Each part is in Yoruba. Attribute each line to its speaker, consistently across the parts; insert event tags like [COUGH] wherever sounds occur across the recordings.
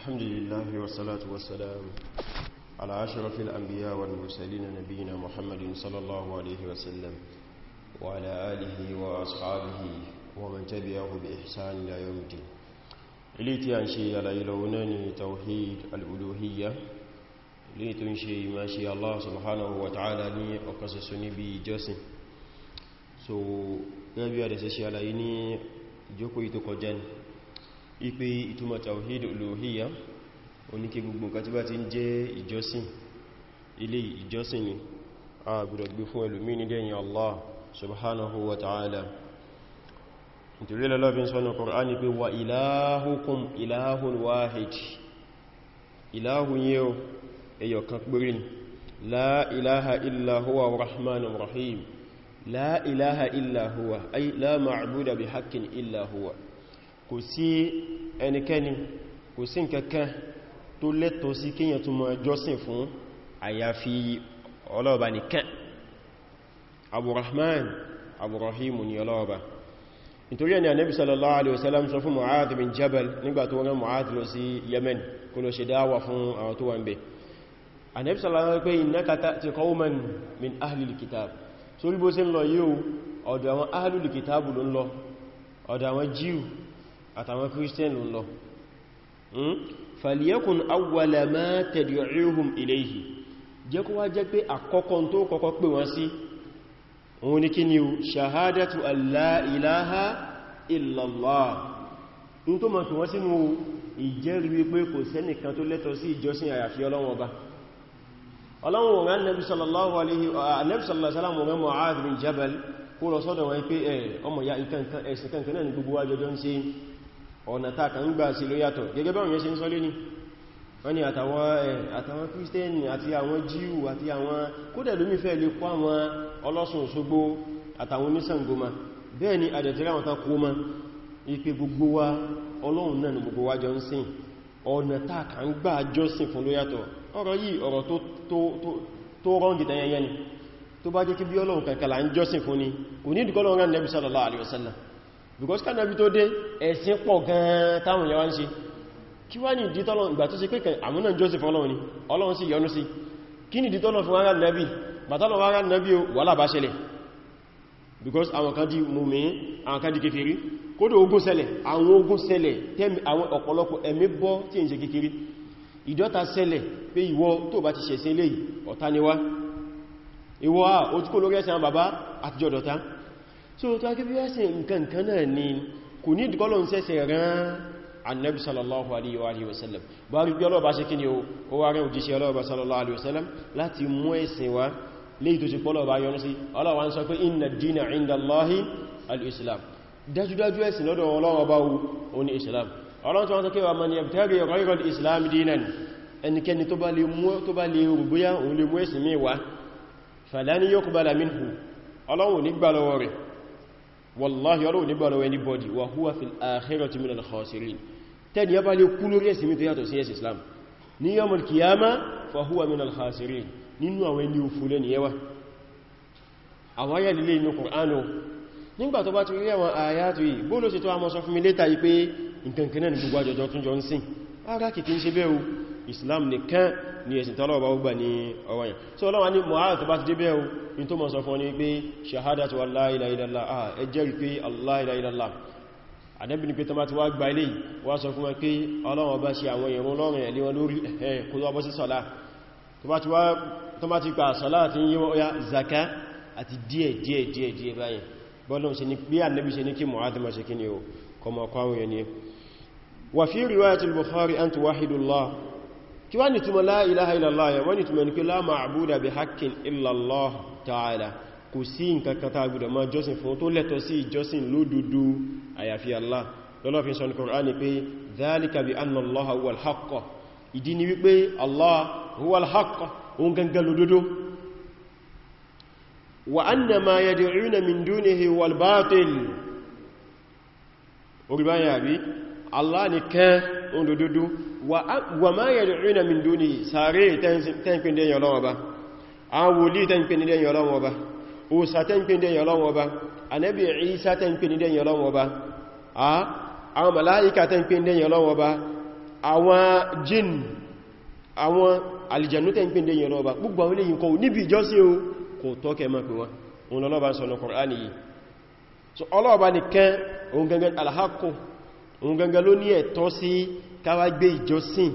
Speaker 1: الحمد لله والصلاة والسلام على أشرف الأنبياء والمرسلين نبينا محمد صلى الله عليه وسلم وعلى آله وأصحابه ومن تبعه بإحسان لا يوم الدين إليتي عن شيء على إلوناني توحيد الألوهية إليتي عن شيء ما شاء الله سبحانه وتعالى لي أقصصني بجسم سو gẹ́gẹ́ bí a da ṣe ṣe àlàyé ní ìjókòó ìtòkọjẹ́ ipe ìtumọ̀ tawhid olóhíyà oníkè gbogbo nǹkan tí bá ti ń jẹ́ ìjọsìn ilé ìjọsìn ni a gbọ́dọ̀ gbé fún ẹlòmí ní dẹ́yìn Allah subhanahu wa ta'ala nítorí lọ́lọ́fin sọ́nà Qur'an ni pé wa ilahukum ilahun wahid ilahun yíò ẹyọ kan péré la ilaha illa huwa rahmanur rahim la ilaha illa huwa ay la ma'buda bi haqqin illa huwa kò sí ẹnikẹ́ni kò sí nǹkankan tó lẹ́tọ̀ọ́ sí kíyàn tó máa jọ́sìn fún àyàfi ọlọ́ọ̀bá nìkan aburahman aburahimu ni ọlọ́ọ̀bá nítorí ẹni ànábì sallallahu alaihi wasallam sọ fún mu'adh bin jabal nígbà tó rán mu'adh lọ sí yemen kó lọ ṣe dáwà fún àwọn tó wà ń bẹ ànábì sallallahu alaihi wasallam pé innaka ta'ti qauman min ahli alkitab ló ń lọ ọ̀dọ̀ àwọn jíù àtàwọn christian ló ń lọ hmm? fàlìyẹ́kùn awwala ma tad'uuhum ilayhi jẹ́ kó wá jẹ́ pé àkọ́kọ́ tó kọ́kọ́ pè wọ́n sí òun ni kí ni o ṣàhádàtù alla ilaha illallah in tó ma fi wọ́n sínú ìjẹ́rí wípé kò sẹ́nìkan tó lẹ́tọ̀ sí ìjọsìn àyàfi Ọlọ́hun Ọba Ọlọ́hun wọn Ànábì sallallahu alaihi ah, wa sallam wọn Mu'adh bin Jabal kó sọ́dọ̀ wọn pé eh, ọmọ ya ìkankan ẹ̀sìn kankan gbogbo wájọjọ́ ń ṣe ọ̀nà tàkà ń gbà sí ló yàtọ̀ gẹ́gẹ́ bá òyìn ṣe ń sọ lé ní wọ́n ni àtàwọn kírísítẹ́nì àti àwọn jíù àti àwọn kódẹ̀ lómi fẹ́ lè kó àwọn ọlọ́sùn Òṣogbo àtàwọn oníṣàngoma bẹ́ẹ̀ ni àdẹ̀tẹ̀rẹ̀ àwọn takó ma ipe gbogbo wa Ọlọ́run náà ni gbogbo wa jọ ń sìn ọ̀nà tàkà ń gbà ni tó bá jẹ́ kí bí Ọlọ́run kankan là ń jọ́sìn because kánàbí tó dé ẹ̀sìn pọ̀ gan táwọn yẹwa ń ṣe kí wá ní ìdítọ́lọ̀ ìgbà tó ṣe pé kàn àmúnà Joseph ọlọ́run ni ọlọ́run sì yọ́nú sí kí ní ìdítọ́lọ̀ fún ara nàbí bàtọ́lọ̀ ara nàbí wà lábá ṣẹlẹ̀ because àwọn kan di mùmí àwọn kan di kékeré kódò ogun ṣẹlẹ̀ àwọn ogun ṣẹlẹ̀ tẹ́mi àwọn ọ̀pọ̀lọpọ̀ ẹ̀mí bọ́ tí ń ṣe kékeré ìdọ́ta ṣẹlẹ̀ pé ìwọ tó bá ti ṣẹ̀ṣẹ̀ léyìí ọ̀tá ni wá ìwọ à ó tí kò lórí ẹ̀sẹ̀ àwọn bàbá àtijọ́ dọ̀ta so to ake bí ẹsẹ̀ nǹkan kan náà ni kò ní ìdíkọ́lọ̀ ń sẹ́sẹ̀ rán annabi sallallahu alaihi wa sallam bá rí bí ọlọ́ọ̀bá ṣe kí ni ó wá rán òjíṣẹ́ ọlọ́ọ̀bá sallallahu alaihi wa sallam láti mú ẹ̀sìn wá léyìí tó ṣe pọ́lọ̀ọ̀bá yọ́nú sí ọlọ́wà ń sọ pé inna dina inda Allahi al-islam dájúdájú ẹ̀sìn lọ́dọ̀ ọlọ́ọ̀bá ó ní islam ọlọ́run tó wọ́n sọ pé wa man yabtaghi ghayra al-islam dinan ẹnikẹ́ni tó bá lè mú òun lè mú ẹ̀sìn mi wá falan yuqbala minhu ọlọ́run ò ní gbà rẹ̀ wallahi ọlọ́wọ́ nígbà lọ́wọ́ anybody wa huwa fil akhirati min al-khasirin tẹ́ni ya bá lè kú lórí ẹ̀sìn mítò yàtọ̀ sí ẹ̀sìn islam ní yawm al-qiyama fa huwa min al-khasirin nínú àwọn ẹni òfúlẹ̀ ni yẹwa àwáyà lílé inú kùránù nígbà islam nìkan ni ẹ̀sìn tọ́lọ́wọ́ bá gbà ní ọwọ́ yẹn so ọlọ́wọ́ ní mọ̀hálà tó bá ti débẹ̀ o in tó mọ̀ sọ fún ní pé shahadatu la ilaha illallah ẹ jẹ́rìí pé la ilaha illallah àdẹ́bì ni pé tó bá ti wá gba ilé wá sọ fún wọn pé ọlọ́wọ́ bá ṣe àwọn ìrún lọ́rin ẹ̀lẹ́ wọn lórí ẹ̀ẹ́ kó lọ́bọ́ sí sọ́lá tó bá ti pa sọ́lá àti Bukhari an tuwahidu kí wá ní túnmọ̀ la ilaha illallah wọ́n ní túnmọ̀ ní kí la ma'buda bi haqqin illallah ta'ala kò sí nǹkan kan tá gbọ́dọ̀ máa jọ́sìn fún tó lẹ́tọ̀ sí ìjọsìn lódodo àyàfi Allah lọ́lọ́fin sọ ní Kùránì pé dhalika bi anna Allah huwal haqq ìdí ni wípé Allah huwal haqq òun gangan lódodo wa oúnjẹ dúdú wà máa yẹ̀ rìnà min dúní sàárè tẹ́ǹpìndẹ̀yìn ọlọ́wọ́ ba àwọn wòlí tẹ́ǹpìndẹ̀yìn ọlọ́wọ́ ba òsà tẹ́ǹpìndẹ̀yìn ọlọ́wọ́ ba anẹ́bì Ìsá tẹ́ǹpìndẹ̀yìn ọlọ́wọ́ ba àwọn màláíkà tẹ́ǹpìndẹ̀yìn ọlọ́wọ́ àwọn jin àwọn àlìjànú tẹ́ǹpìndẹ̀yìn ọlọ́wọ́ ba gbogbo àwọn eléyìn kọ níbi ìjọsìn o òun gangan ló ní ẹ̀tọ́ sí káwà gbé ìjọsìn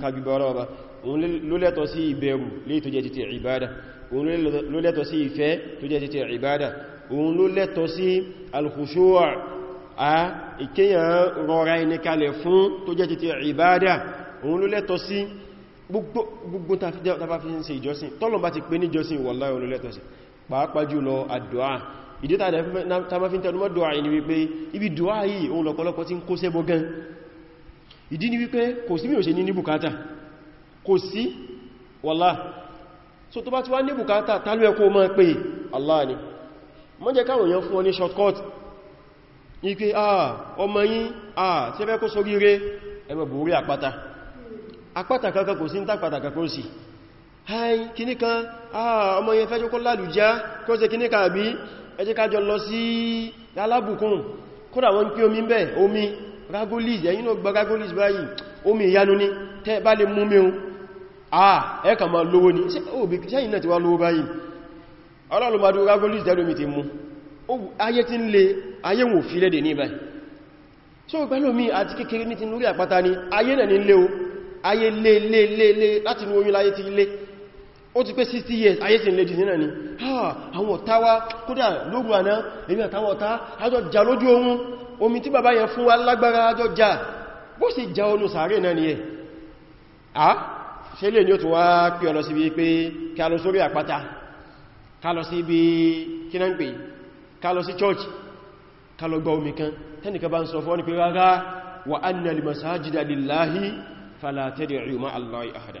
Speaker 1: kàgbìbọ̀rọ̀ ọba òun ló lẹ́tọ̀ sí ìbẹ̀rù léè tó jẹ́ títí ìbádà òun ló lẹ́tọ̀ sí ìfẹ́ tó jẹ́ títí ìbádà òun ló lẹ́tọ̀ sí al-khushu' a ìkéyàn rọra ẹni kalẹ̀ fún tó jẹ́ títí ìbádà òun ló lẹ́tọ̀ sí gbogbo tàbí fi ń ṣe ìjọsìn tọ́lọ̀ bá ti pé ní ìjọsìn wallahi òun ló lẹ́tọ̀ sí pàápàá jùlọ àdúà ìdítà tàbí fi tẹnumọ́ dùwà ní wípé ibi dùwà yìí òun lọ́pọ̀lọpọ̀ tí ń kó sẹ́bọ̀ gan ìdí ni wípé kò sí mi ò ṣe ní bùkátà kò sí wàlá so tó bá ti wá ní bùkátà tálú ẹkọ́ ma pé Allah ah ọmọ yín ah tí ẹfẹ́ kó sórí rẹ ẹmọ̀ bòórí àpáta àpáta kankan kò sí ń kíníkan ah ọmọ yẹn fẹ́ jókó lálùjá kó ṣe kíníkan ẹ jẹ́ ká jọ lọ sí alábùkún kódà wọ́n kí omi bẹ́ omi ragolis ẹ̀yìn náà gba ragolis báyìí omi ìyanu ní tẹ́ bá lè mú mi ohun àà ẹ kà máa lówó ní sẹ́yìn náà ti wá lówó báyìí ọlọ́lọ́mọdún ragolis so pẹ̀lú mi àti kékeré ní ti ni ayé náà ní lé o ó ti pé 60 years ayé sí ladies nínà ni àwọn ọ̀tá wa kódà lóòrùn àná èmi àtàwọn ọ̀tá ajọ jà lójú ohun omi tí bàbá yẹn fún wa lágbára ajọ jà bó sì já onú sàárè náà ni ẹ̀ à ṣe lè ní ó tún wá pí ọlọ sí bí pé kí a lọ sórí àpáta ká sí bí kí náà ń pè ká sí church ká gba omi kan tẹ́nìkan bá ń sọ fún wa anna masajida lillahi fala tad'u ma'a Allahi ahada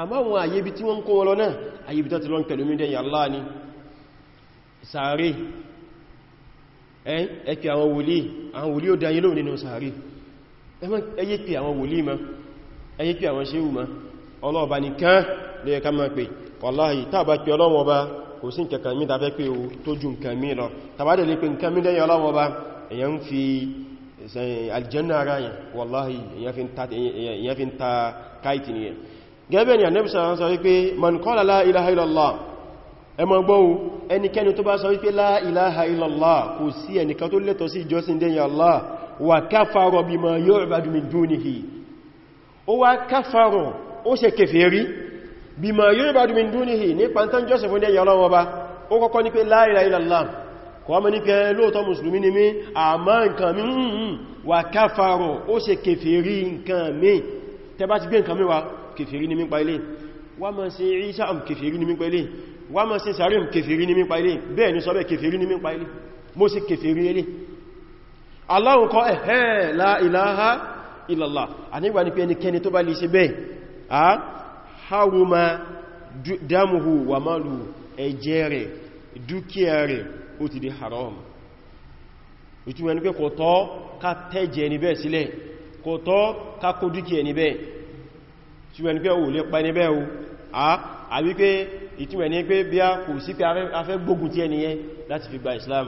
Speaker 1: àmọ́ àwọn àyèbí tí wọ́n kó wọn lọ náà àyèbí tó ti lọ́n pẹ̀lú mídẹ̀ yàlá ni sàárè ẹ̀kẹ́ àwọn wòlíì àwọn wòlíì ó dáyé lóò nínú sàárè ẹyẹ pé àwọn wòlíì ma ẹyẹ pé àwọn ṣéhù ma ọlọ́ọ̀bá nìkan ló yẹ ká máa pè wàláhì tàbá pé ọlọ́wọ́ bá kò sí nǹkan mí tàbẹ́ pé o tó ju nǹkan gẹ́gẹ́ ni Ànábì sallallahu alaihi wasallam sọ wípé man qala la ilaha illallah ẹmọ gbọ́wọ́ ẹnikẹ́ni tó bá sọ wípé la ilaha illallah kò sí ẹnìkan tó lẹ́tọ̀ sí ìjọsìn dẹ́yìn Allah wa kafara bima yu'badu min dunihi ó wá kèfèrí nǹkan mi wa ti gbé nǹkan mi wa kèfèrí ní mípa ilé wà máa sí Ìsá am kèfèrí ní mípa ilé wà máa sí sàárìm kèfèrí ní mípa ilé bẹ́ẹ̀ ni sọ́bẹ̀ kèfèrí ní mípa ilé mo sì kèfèrí ilé aláhùn kọ́ ẹ̀hẹ́ la ilaha illallah ànígbà ní pé ẹnikẹni tó bá lè ṣe bẹ́ẹ̀ a haruma dámuhu wà máàlù ẹ̀jẹ̀ rẹ̀ dúkìá rẹ̀ ó ti di haram ìtumẹ̀ ní pé kò tọ́ ká tẹ́jẹ̀ ẹni bẹ́ẹ̀ sílẹ̀ kò tọ́ ká kó dúkìá ẹni bẹ́ẹ̀ ṣùgbọ́n ni pé o lè pa ní o àbí pé ìtumẹ̀ ní pé bí a kò sí pé a fẹ́ gbógun ti ẹniyẹ láti fi gba Islam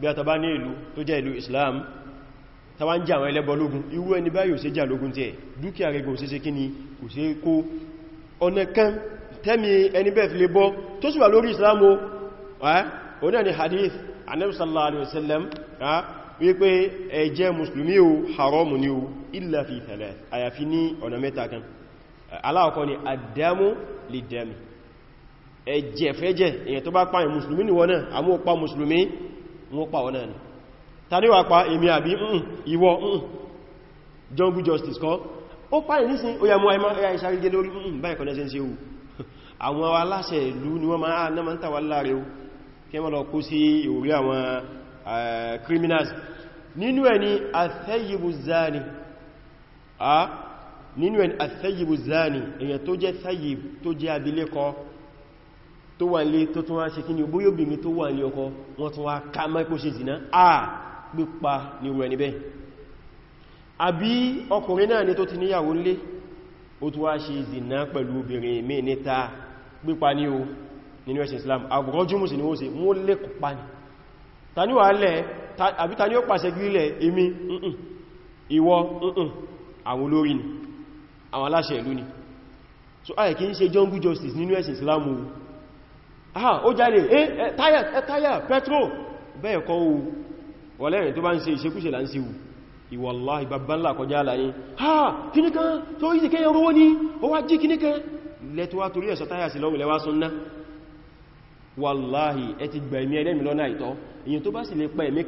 Speaker 1: bí a tọba ní ìlú tó jẹ́ ìlú Islam tàbá ń jà àwọn ẹlẹ́bọ lógun irú ẹni báyìí ò sí jà lógun tí ẹ̀ dúkìá rẹ̀ gùn síse kí ni kò sí kó ọ̀nà kan tẹ́mi ẹni bẹ́ẹ̀ wípé ẹ jẹ́ o haramu ni o illa fi thalath àyàfi ní ọ̀nà mẹ́ta kan aláwọ̀kọ́ ni àdámú lè dẹ̀mì ẹ̀jẹ̀ fẹ́jẹ̀ èyàn tó bá pààyàn musulmi ni wọ́n náà àmú pa musulmi wọ́n pa wọ́n náà ni ta ní wà pa èmi àbí mm, ìwọ mm, jungle justice kọ́ ó pààyàn nísìn ó yà mú àìmá ìṣàrígé lórí mm, báyìí kọ́ lẹ́sẹ̀ ń ṣe wù [LAUGHS] àwọn aláṣẹ ìlú ni wọ́n máa ah, náà máa nínú ẹni àṣẹ́yìbù zani èyàn tó jẹ́ sáyìb tó jẹ́ abilékọ tó wà nílé tó tún wá ṣe kí ni bóyóbìnrin tó wà nílé ọkọ wọ́n tún wá ká mẹ́kò ṣe zìná à pípa ní rẹ̀ níbẹ̀ àbí ọkùnrin náà ni tó ti níyàwó nílé ó tún Islam àgbọ́júmù sí ni ó ṣe mú lè kópa ni ta ni wà àwọn olórin àwọn aláṣẹ ìlú ni so ayẹ̀ kí ń ṣe jungle justice nínú ẹ̀sìn Islam o aha ó jáde eh táyà táyà petrol bẹ́ẹ̀ kọ́ o wọ́lẹ́rin tó bá ń ṣe ìṣekúṣe là ń ṣe wù aláyé ha kíníkan tó yìí kẹ́yẹ rówó ní ó wá jí kíníkan lẹ́tọ́wà torí ẹ̀sọ táyà sí lọ́wọ́ lẹ́wà súnná wàláhì ẹ ti gbà ẹ̀mí ẹlẹ́mì lọ́nà àìtọ́ èyàn tó bá sì lè pa ẹ̀mí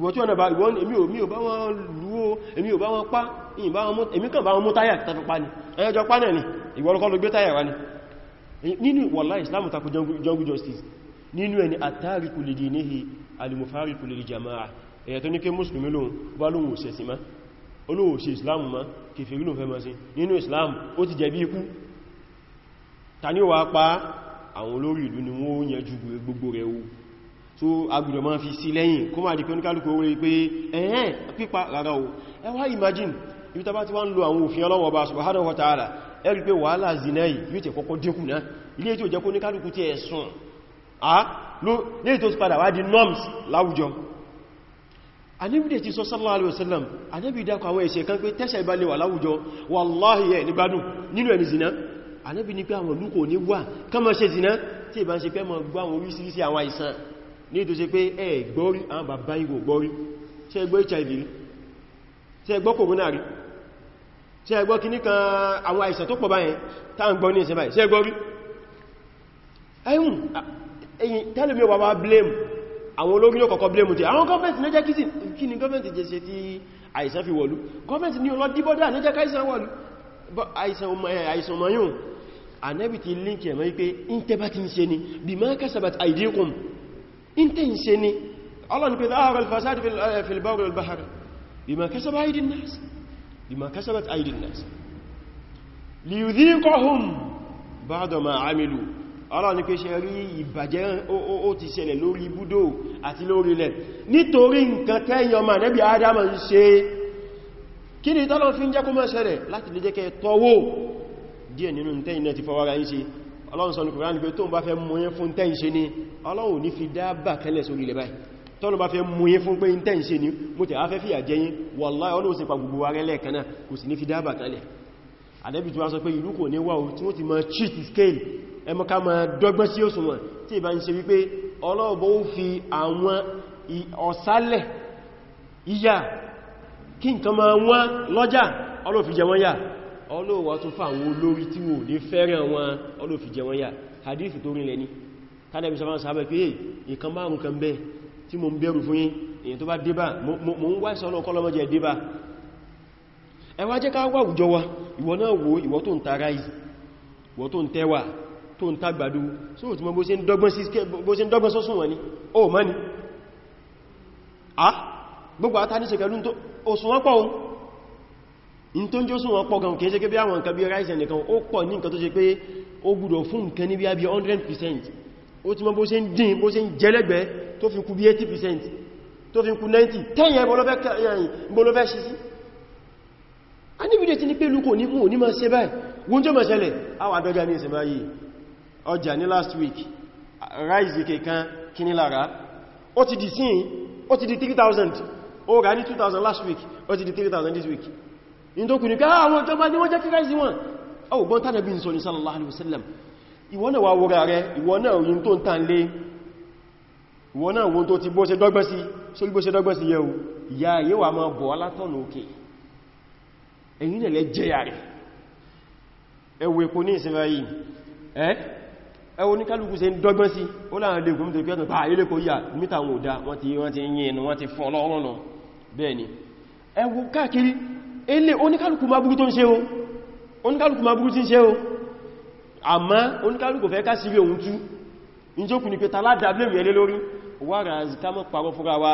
Speaker 1: ìwọ̀n tí wọ́n bá ìwọ̀n èmi ò bá wọn lúwó èmi ò bá wọn pá èmi kàn bá wọn mú táyà tàbí pa ní ẹjọ́ pa náà ni ìwọ̀n kọ́ ló gbé táyà wá ní nínú wàlláhì Islam takò jungle justice nínú ẹni àtàríkù lè dìníhì alìmọ̀fàríkù lè jama'a ẹ̀yà tó ní kí mùsùlùmí lóhun bá lóhun òṣè sí má olóhun òṣè Islam ma kèfèrí Islam ó ti jẹ̀bi ikú pa àwọn olórí ìlú ni wọ́n yẹn so agbùdọ̀ máa fi sí lẹ́yìn kó máa dìkọ́ ní kálùkù orí pé ẹ̀yẹn pípa rárá o ẹ imagine ibi tàbá ti wá ń lo àwọn òfin ọlọ́wọ́ bá subhanahu wa ta'ala ẹ rí pé wàhálà zina yìí yóò tẹ̀ kọ́kọ́ dínkù náà ilé tí a ló lè tó norms láwùjọ anábìdẹ̀ ti sọ sallallahu alaihi wasallam anábì dákọ̀ àwọn ẹ̀ṣẹ̀ kan pé tẹ́ṣẹ̀ ìbálẹ̀ wà láwùjọ wallahi ẹ̀ nígbádùn nínú zina anábì ní pé àwọn olúkò ní wà kán mọ́ ṣe zina tí ìbá ń ṣe pẹ́ mọ́ gbá àwọn orísìírísìí àwọn àìsàn ní ìtò ṣe pé ẹ gbọ́rí àwọn bàbá ìwò gbọ́rí tí ẹ gbọ́ hiv rí tí ẹ gbọ́ corona rí tí ẹ gbọ́ kí níkan àwọn àìsàn tó pọ̀ báyẹn táà ń gbọ́ ní ìṣẹ́ báyìí tí ẹ gbọ́rí ẹ̀yùn ẹ̀yìn tẹ́lẹ̀mí wà wá blame àwọn olórí yóò kọ̀kọ́ blame tí àwọn gọ́ọ̀mẹ́ntì lẹ́jẹ́ kí ni gọ́ọ̀mẹ́ntì jẹ́ ṣe tí àìsàn fi wọ̀lú gọ́ọ̀mẹ́ntì ní ọlọ́díbọ́dá lẹ́jẹ́ káìsàn wọ̀lú àìsàn mayún ànẹ́bì ti líǹkì ẹ̀mọ́ wípé ìntẹ́bà ti ń ṣe ni bí máa kẹsàbàtì àìdíkùn inte ń ṣe ni Allah ní pé zahara al-fasad fil barri wal bahri bima kasabat aydin nas bima kasabat aydin nas liyudhiqahum ba'da ma amilu Allah ní pé ṣe rí ìbàjẹ́ ó ti ṣẹlẹ̀ lórí ibùdó àti lórí ilẹ̀ nítorí nǹkan tẹ́yọ ma nẹ́bí adam ń ṣe kí ni tọ́lọ́ fi ń ọlọ́run sọ ní kòrán ní pé tó ń bá fẹ́ múyẹ́ fún tẹ́ǹṣe ni ọlọ́run ní fi dábà kẹlẹ̀ sórí ilẹ̀ báyìí tọ́nà bá fẹ́ múyẹ́ fún pé ń tẹ́ǹṣe ni mo tẹ̀ afẹ́ fìyà jẹyìn wallahi ọlọ́run sì pa gbogbo wa rẹ̀ lẹ́ẹ̀kanáà kò sì ní fi dábà jẹ wọ́n yà ọlọ́wọ́ tó fà àwọn olórí tí wò ní fẹ́ràn wọn ọlọ́fi jẹ wọn yà hadith tó rí lẹ́ni tánàbí sọ fáwọn sábẹ̀ pé ìkan márùn kan bẹ́ tí mo ń bẹ̀rù fún yín tó bá débà mo ń wá ìsọ́nà ọkọ́lọ́mọ́jẹ débà ẹ wá wo ìwọ tó ń ta ráìs ìwọ tó ń tẹ́wà tó ń tagbàdú sóò tí mo bó ṣe ń dọ́gbọ́n sọ́sùn wọn ni ó mọ́ in tó ń jó sún ọpọ̀ gan kìí ṣe pé àwọn nǹkan bí rice nìkan ó pọ̀ ní nǹkan tó ṣe pé ó gbúdọ̀ fún nǹkan ní bí i 100% ó ti mọ́ bó ṣe ń dín bó ṣe ń jẹ́lẹ́gbẹ́ tó fi kú bí 80% tó fi kú 90 tẹ́yẹ bọ́lọ́fẹ́ ṣe sí a níbi dẹ̀ ti ní pé lukò ní mú onímọ̀ ṣe báyìí wọ́n jọ mẹ́ṣẹ́lẹ̀ àwọn àdọ́jà ní ìsinmi ayé ọjà ní last week rice kẹkan kíní lára ó ti di 3000 ó rà ní 2000 last week ó ti di 3000 this week ìdókùnrin ká àwọn tó bá ní wọ́n jẹ́ kíráìsì wọn ọgbọ́n tánàbí sọ ní sallallahu alaihi wasallam ìwọ náà wà wúra rẹ ìwọ náà òyìn tó ń se lé ìwọ náà wọn tó ti bó ṣe dọ́gbẹ́ sí sórí bó ṣe dọ́gbẹ́ sí yẹ̀wò ìyá ayé wà máa bọ̀ alátọ̀nà òkè ẹ̀yìn ilẹ̀ jẹ́yà rẹ̀ ẹwọ èkó ní ìsinra yìí ẹ́ ẹwọ ní kálùkù ṣe ń dọ́gbẹ́ sí ó láàrin lè gómìnà pẹ́ẹ̀tàn bá ilé kò yà mítà wọn ò dá wọ́n ti yìn wọ́n ti fún ọlọ́run náà bẹ́ẹ̀ ni ẹwọ káàkiri ilé oníkálùkù ma burú tó ń ṣe o oníkálùkù ma burú tí ń ṣe o àmá oníkálùkù fẹ́ ká sírí ohun tú in jókù ní pé tàládà blame ẹlé lórí wáraz ká má parọ́ fúnra wa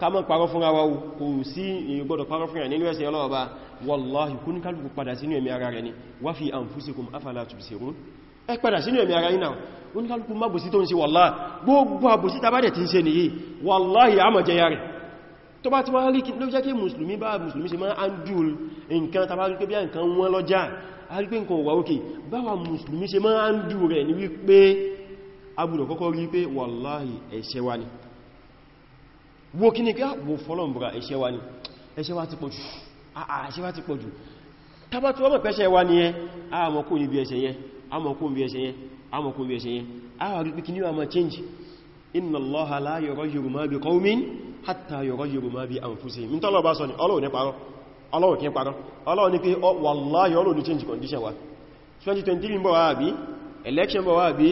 Speaker 1: ká má wa kò sí ìgbọ́dọ̀ parọ́ fúnra nínú ẹ̀sẹ̀ ọlọ́ọ̀bá wallahi kóníkálùkù padà ni wá fi anfusikum afala tubsirun
Speaker 2: ẹ padà sínú ẹ̀mí ara iná
Speaker 1: oníkálùkù má bòsí tó ń ṣe wallahi gbogbo àbòsí tabádẹ̀ tó bá ti wá rí ló jẹ́ kí mùsùlùmí bá mùsùlùmí ṣe máa ń dùn nǹkan tàbá rí pé bí i nǹkan wọn lọ́jà a rí pé nǹkan wà òkè báwa mùsùlùmí ṣe máa ń dùn rẹ̀ ní wípé abúdọ̀ kọ́kọ́ rí pé wàláhì ẹ̀ṣẹ̀ wa ni wo kí ni ká wo fọ́lọ̀mbùra ẹ̀ṣẹ̀ wa ni ẹ̀ṣẹ̀ wa ti pọ̀jù ah, ah, ẹ̀ṣẹ̀ wa ti pọ̀jù tàbá tí wọ́n hatta yughayyiru ma bi anfusihim ní tọ́lọ̀ bá sọ ní ọlọ́run ní parọ́ ọlọ́run kí parọ́ ọlọ́run ní pé oh, wallahi ọlọ́run change condition wa 2023 bọ̀ wá àbí election bọ̀ wá àbí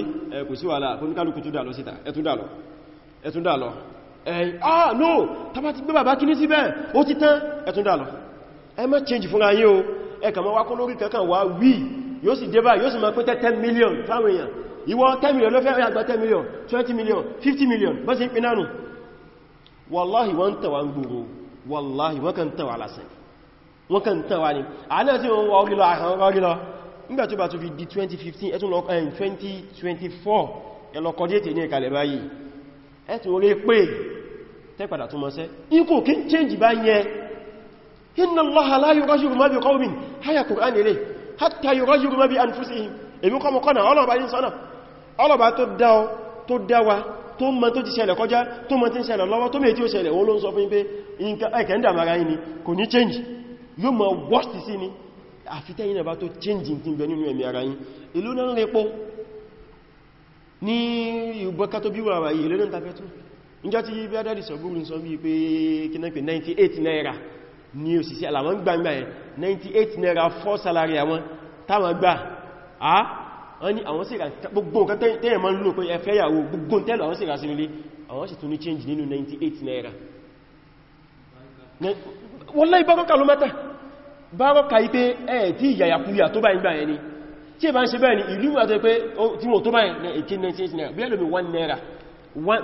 Speaker 1: kò sí wàhálà fún kálukú tó dàlọ síta ẹ̀tún dàlọ ah no tàbá ti gbé bàbá kí ní síbẹ̀ ó ti tán ẹ̀tún dàlọ ẹ má change fúnra yín o ẹ̀kà mọ́ wá kó lórí kankan wá wí yóò sì débà yóò sì máa pẹ́ 10 million fáwọn èèyàn ìwọ 10 million ló fẹ́ àgbà 10 million 20 million 50 million bọ́sí ìpinnánu wallahi wọ́n tàwà ń gbòrò wallahi wọ́n kàn tàwà lásán wọ́n kàn tàwà ní àánà tí wọ́n wà orílọ àhàn orílọ nígbà tó bá tó fi di 2015 ẹ̀tún lọ 2024 ẹlọ́kọdé tè ní ìkàlẹ̀ báyìí ẹ̀tún orí pé Allaha la ma tó dáwà tó mọ̀ tó ti ṣẹlẹ̀ kọjá tó mọ̀ tí ń ṣẹlẹ̀ lọ́wọ́ tó mẹ́ tí ó ṣẹlẹ̀ wọ́n ló ń sọ fún pé ẹ̀kẹ́ ń dàmàrà yìí ni kò ní change yóò mọ̀ worst sí ni àfitẹ́yìn náà bá tó change tí ń bẹ nínú ẹ̀mí ara yìí ìlú naira ní òṣìṣẹ́ àlàwọn gbangba ẹ̀ wọ́n ní àwọn sí gbogbo nǹkan tẹ́yẹ̀ mọ́ lò pé ẹfẹ́ ìyàwó gbogbo tẹ́lù àwọn sí ìrásí àwọn sì tún ní change nínú 98 naira wallahi bárọ́kà ló mẹ́ta bárọ́kà yí pé ẹ̀ tí ìyàyàkúyà tó báyìí báyìí ni tí ẹ bá ń ṣe báyìí ìlú àti pé tí wọ́n 98 naira bóyá lómi 1 naira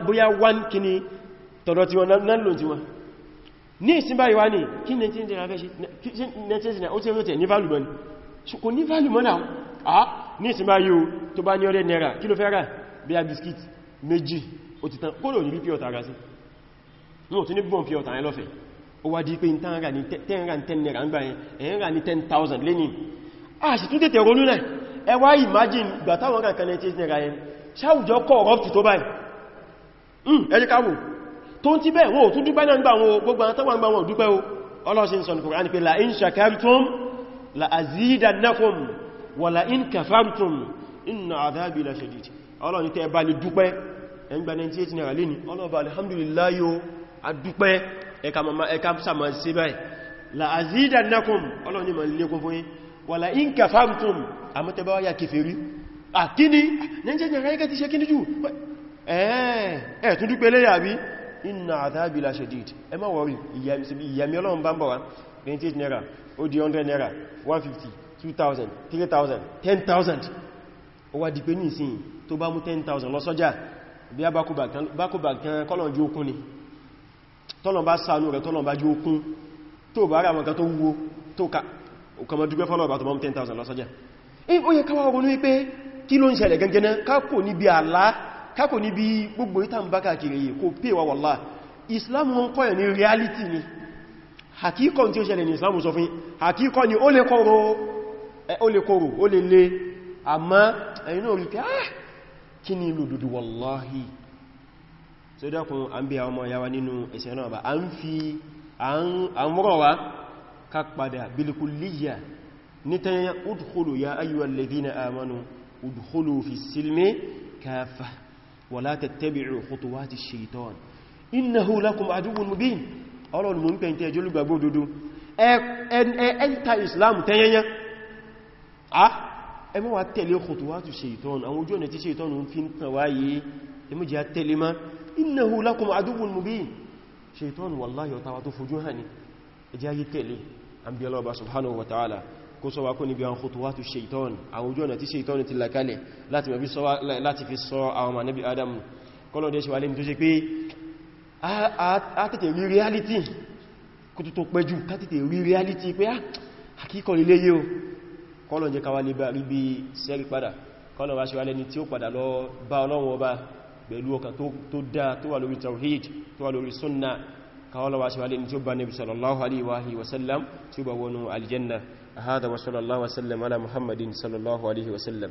Speaker 1: bóyá 1 kíní tọ̀dọ̀ tí wọ́n náà lò tí wọ́n 98 naira fẹ́ 98 naira ó tí ó tẹ̀ ní value money kò ah ní ìsinmá yóò tó bá ní ọdẹ náírà kí ló fẹ́ rà bí i biskit méjì ó ti tán kóòlò ní pí ọ̀tà rà sí wọn tó ní gbọ́n pí ọ̀tà yẹn lọ́fẹ̀ ó wá di pé ń ní 10,000 lẹ́yìn imagine gbà táwọn kan kan ní 10 náírà yẹn ṣáwùjọ corrupt tó báyìí hmm, ẹ jẹ́ ká wò tó ń ti bẹ́ẹ̀ wọ́n ò tún dúpẹ́ náà ń gbà la in shakartum la azidannakum wàlá in kafartum inna adhabi la shadid ọlọ́run ní tẹ́ bá lè dúpẹ́ ẹgbà 98 naira lè ní ọlọ́run bá alhamdulillah yóò adúpẹ́ ẹka mama ẹka sàmà sí báyìí la azidannakum ọlọ́run ní ma lè kún fún yín wàlá in kafartum àmọ́tẹ́bá wáyà kèfèrí àkíní 98 naira ẹka ti ṣe kíní jù ẹ̀ẹ́ tún dúpẹ́ lẹ́yà bí inna 150 2000 3000 10000 ó wá di pé ní ìsìn tó bá mú 10000 lọ sọ́jà bí a bákòbà kan kọ́lọ̀n jí okun ni tọ́lọ̀ bá ṣàánú rẹ̀ tọ́lọ̀ bá jí okun tó bá rà mọ̀ká tó wúwo tó kọmọ dúgbẹ́ fọ́lọ̀ bá tó mọ́ 10000 lọ sọ́jà ó yẹ káwà ronú wípé kí ló ń ṣẹlẹ̀ gẹ́gẹ́ná kákò níbi àlá kákò níbi gbogbo reality ni hakíkọ́ tí ó ṣẹlẹ̀ ní Islam sọ ni ó lè ó lè kòrò ó lè lè àmọ́ ẹ̀yìn náà rí pé ah kí ni ìlú dúdú wallahi so dákun a ń bí àwọn ọmọ yawa nínú ẹ̀sẹ̀ náà ba a ń fi àmúrọ̀ wá ká padà bilikuliya ní tẹ́yẹn udkhulu ya ayyuhal ladhina amanu udkhulu fi silmi kafa wala tattabi'u khutuwati shaitan innahu lakum aduwwun mubin ọlọ́run mú ń pẹ̀ntẹ́ jólúgbàgbó dúdú ẹ enter Islam tẹ́yẹnyẹn Ah, ẹmọ́ wa tẹ̀lé khutuwatu shaytan àwọn ojú ọ̀nà tí shaytan ń fi ń tàn wáyé ẹmọ́ jẹ́ tẹ̀lé má innahu lakum aduwwun mubin shaytan wallahi ọ̀tá wa tó fojú hàn ní ẹjẹ́ ayé tẹ̀lé àbíọ́lọ́ba subhanahu wa ta'ala kó sọ wá kó níbi àwọn khutuwatu shaytan àwọn ojú ọ̀nà tí shaytan ti lakalẹ̀ láti fi sọ àwọn manabi adam kọ́lọ̀ dẹ̀ ṣe wà lẹ́mi reality kọ́lọ̀ jẹ́ káwà lè bá rí bí sẹ́rí padà kọ́lọ̀ wá ṣíwá lẹ́ni tí ó padà lọ bá ọlọ́run ọba pẹ̀lú ọkà tó dá tó wà lórí tawhid tó wà lórí sunna kọ́lọ̀ wá ṣíwá lẹ́ni tí ó bá nabi sallallahu alaihi wasallam tí ó bá wọnú aljanna hada wa sallallahu wasallam ala muhammadin sallallahu